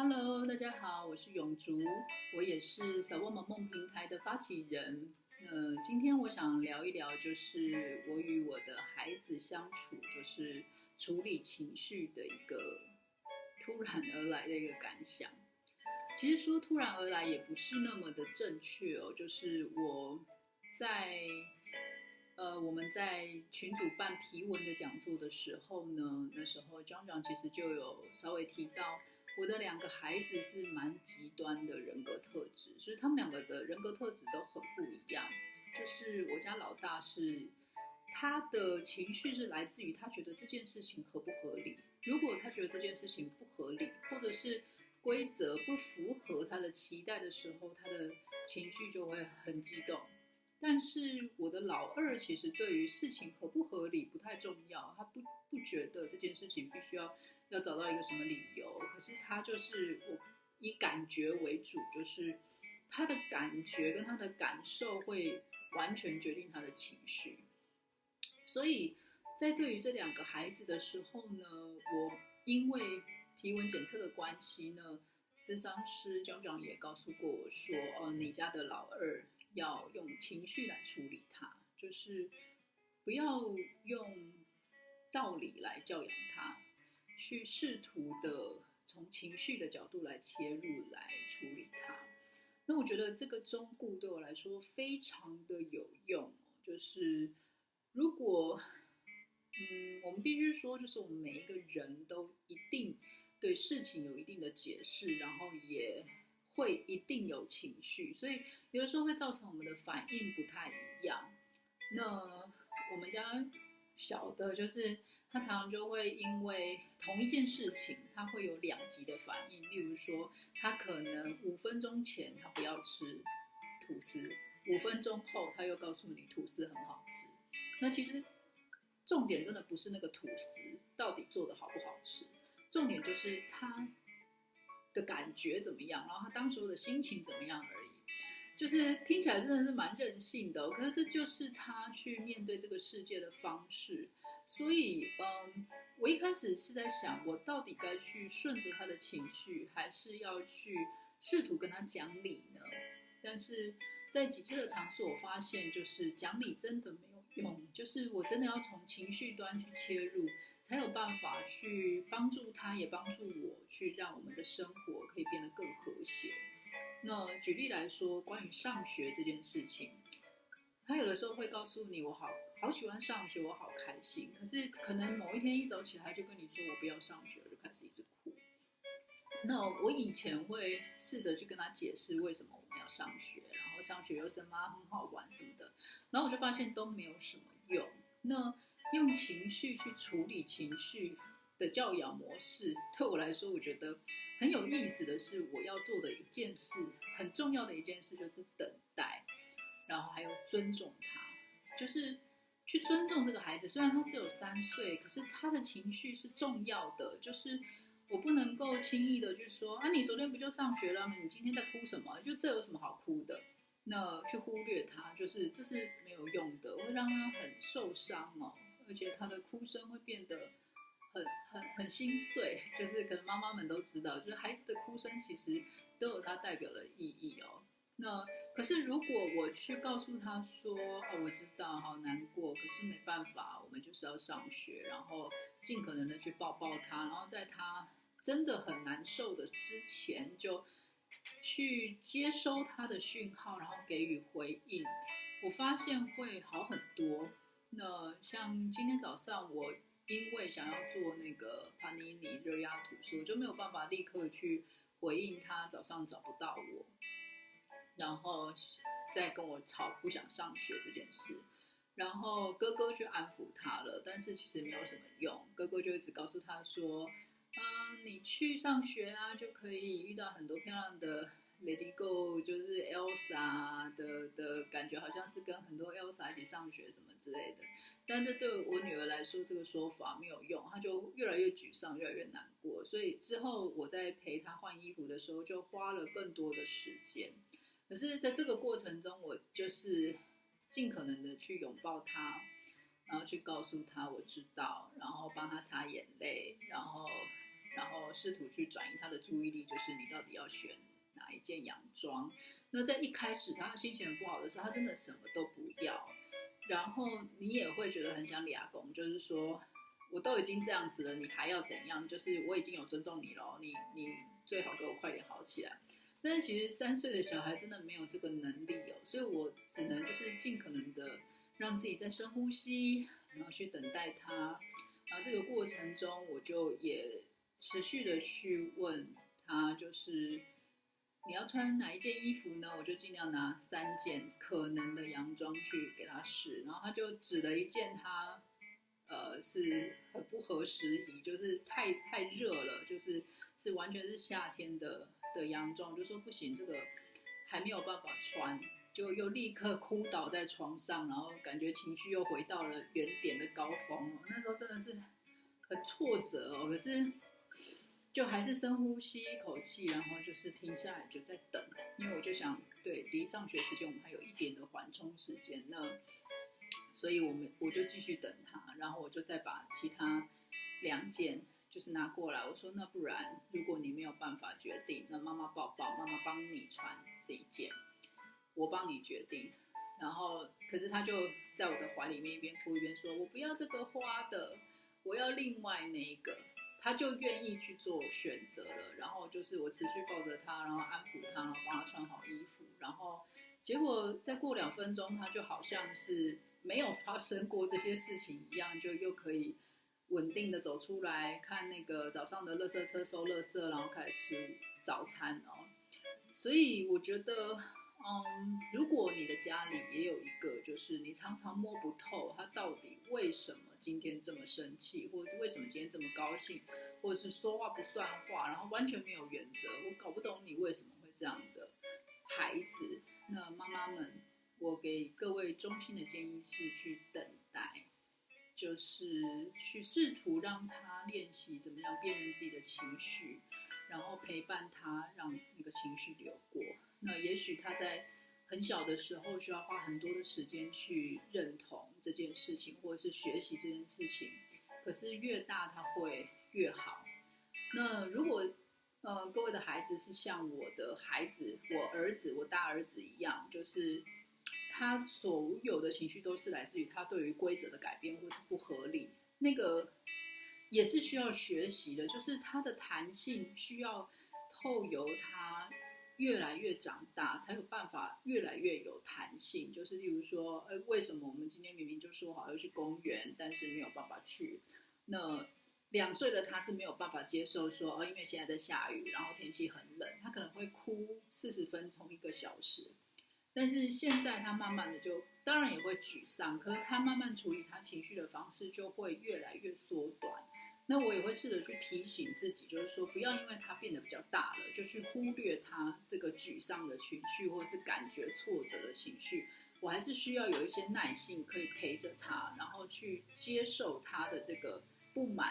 Hello，大家好，我是永竹，我也是薩波萌夢平台的發起人。呃，今天我想聊一聊，就是我與我的孩子相處，就是處理情緒的一個突然而來的一個感想。其實說突然而來也不是那麼的正確哦，就是我在呃我們在群主辦皮文的講座的時候呢，那時候莊 o 其實就有稍微提到。我的兩個孩子是蠻極端的人格特質，所以他們兩個的人格特質都很不一樣。就是我家老大是，他的情緒是來自於他覺得這件事情合不合理。如果他覺得這件事情不合理，或者是規則不符合他的期待的時候，他的情緒就會很激動。但是我的老二其實對於事情合不合理不太重要，他不不覺得這件事情必須要要找到一個什麼理由，可是他就是我以感覺為主，就是他的感覺跟他的感受會完全決定他的情緒。所以在對於這兩個孩子的時候呢，我因為皮紋檢測的關係呢，諮商師江江也告訴過我說，哦、呃，你家的老二。要用情緒來處理它，就是不要用道理來教養他，去試圖的從情緒的角度來切入來處理它。那我覺得這個忠告對我來說非常的有用，就是如果嗯，我們必須說，就是我們每一個人都一定對事情有一定的解釋，然後也。會一定有情緒，所以有的時候會造成我們的反應不太一樣。那我們家小的，就是他常常就會因為同一件事情，他會有兩極的反應。例如說，他可能五分鐘前他不要吃吐司，五分鐘後他又告訴你吐司很好吃。那其實重點真的不是那個吐司到底做的好不好吃，重點就是他。的感覺怎麼樣？然後他當時候的心情怎麼樣而已，就是聽起來真的是蠻任性的哦。可是這就是他去面對這個世界的方式。所以，嗯，我一開始是在想，我到底該去順着他的情緒，還是要去試圖跟他講理呢？但是在幾次的嘗試，我發現就是講理真的沒有。嗯，就是我真的要從情緒端去切入，才有辦法去幫助他，也幫助我，去讓我們的生活可以變得更和諧。那舉例來說，關於上學這件事情，他有的時候會告訴你：“我好好喜歡上學，我好開心。”可是可能某一天一早起來就跟你說：“我不要上學了”，就開始一直哭。那我以前會試着去跟他解釋為什麼我們要上學。上學有什麼很好玩什麼的，然後我就發現都沒有什麼用。那用情緒去處理情緒的教養模式，對我來說，我覺得很有意思的是，我要做的一件事，很重要的一件事就是等待，然後還有尊重他，就是去尊重這個孩子。雖然他只有三歲，可是他的情緒是重要的。就是我不能夠輕易的去說啊，你昨天不就上學了嗎？你今天在哭什麼？就這有什麼好哭的？那去忽略他，就是這是沒有用的，我會讓他很受傷哦，而且他的哭聲會變得很很很心碎。就是可能媽媽們都知道，就是孩子的哭聲其實都有它代表的意義哦。那可是如果我去告訴他說，哦，我知道好難過，可是沒辦法，我們就是要上學，然後盡可能的去抱抱他，然後在他真的很難受的之前就。去接收他的訊號，然後給予回應，我發現會好很多。那像今天早上，我因為想要做那個帕尼尼、熱壓吐司，就沒有辦法立刻去回應他早上找不到我，然後再跟我吵不想上學這件事。然後哥哥去安撫他了，但是其實沒有什麼用。哥哥就一直告訴他說。嗯，你去上學啊，就可以遇到很多漂亮的 lady girl，就是 Elsa 的的感覺，好像是跟很多 Elsa 一起上學什麼之類的。但這對我女兒來說，這個說法沒有用，她就越來越沮喪，越來越難過。所以之後我在陪她換衣服的時候，就花了更多的時間。可是在這個過程中，我就是盡可能的去擁抱她。然後去告訴他我知道，然後幫他擦眼淚，然後，然後試圖去轉移他的注意力，就是你到底要選哪一件洋裝？那在一開始他心情很不好的時候，他真的什麼都不要。然後你也會覺得很想抓狂，就是說我都已經這樣子了，你還要怎樣？就是我已經有尊重你了，你你最好給我快點好起來。但是其實三歲的小孩真的沒有這個能力哦，所以我只能就是盡可能的。讓自己再深呼吸，然後去等待他。然後這個過程中，我就也持續的去問他，就是你要穿哪一件衣服呢？我就盡量拿三件可能的洋裝去給他試。然後他就指了一件他，他呃是很不合時宜，就是太太熱了，就是是完全是夏天的的洋裝，我就說不行，這個還沒有辦法穿。就又立刻哭倒在床上，然後感覺情緒又回到了原點的高峰。那時候真的是很挫折哦。可是，就還是深呼吸一口氣，然後就是停下來就在等，因為我就想，對，離上學時間我們還有一點的緩衝時間，那所以我們我就繼續等他，然後我就再把其他兩件就是拿過來。我說，那不然如果你沒有辦法決定，那媽媽抱抱，媽媽幫你穿這一件。我幫你決定，然後可是他就在我的懷裡面一邊哭一邊說：“我不要這個花的，我要另外那一個。”他就願意去做選擇了。然後就是我持續抱着他，然後安撫他，然後幫他穿好衣服。然後結果再過兩分鐘，他就好像是沒有發生過這些事情一樣，就又可以穩定地走出來，看那個早上的垃圾車收垃圾，然後開始吃早餐，喔。所以我覺得。嗯，如果你的家裡也有一個，就是你常常摸不透，他到底為什麼今天這麼生氣，或者是為什麼今天這麼高興，或者是說話不算話，然後完全沒有原則，我搞不懂你為什麼會這樣的孩子，那媽媽們，我給各位衷心的建議是去等待，就是去試圖讓他練習怎麼樣辨認自己的情緒。然後陪伴他，讓那個情緒流過。那也許他在很小的時候需要花很多的時間去認同這件事情，或者是學習這件事情。可是越大，他會越好。那如果呃，各位的孩子是像我的孩子，我兒子，我大兒子一樣，就是他所有的情緒都是來自於他對於規則的改變或是不合理那個。也是需要學習的，就是他的彈性需要透由他越來越長大，才有辦法越來越有彈性。就是例如說，哎，為什麼我們今天明明就說好要去公園，但是沒有辦法去？那兩歲的他是沒有辦法接受說，哦，因為現在在下雨，然後天氣很冷，他可能會哭四十分鐘一個小時。但是現在他慢慢的就，當然也會沮喪，可是他慢慢處理他情緒的方式就會越來越縮短。那我也會試着去提醒自己，就是說，不要因為他變得比較大了，就去忽略他這個沮喪的情緒，或者是感覺挫折的情緒。我還是需要有一些耐性，可以陪着他，然後去接受他的這個不滿，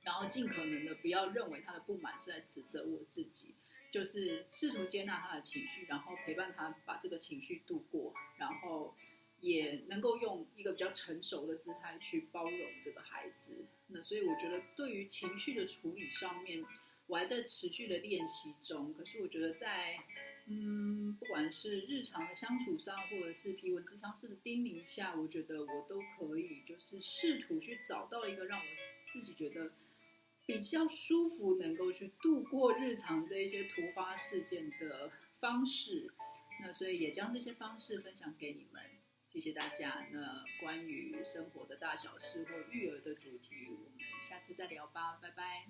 然後盡可能的不要認為他的不滿是在指責我自己，就是試圖接納他的情緒，然後陪伴他把這個情緒度過，然後，也能夠用一個比較成熟的姿態去包容這個孩子。那所以我覺得，對於情緒的處理上面，我還在持續的練習中。可是我覺得在，在嗯，不管是日常的相處上，或者是皮紋諮商師的叮嚀下，我覺得我都可以，就是試圖去找到一個讓我自己覺得比較舒服，能夠去度過日常這一些突發事件的方式。那所以也將這些方式分享給你們。謝謝大家。那關於生活的大小事或育兒的主題，我們下次再聊吧。拜拜。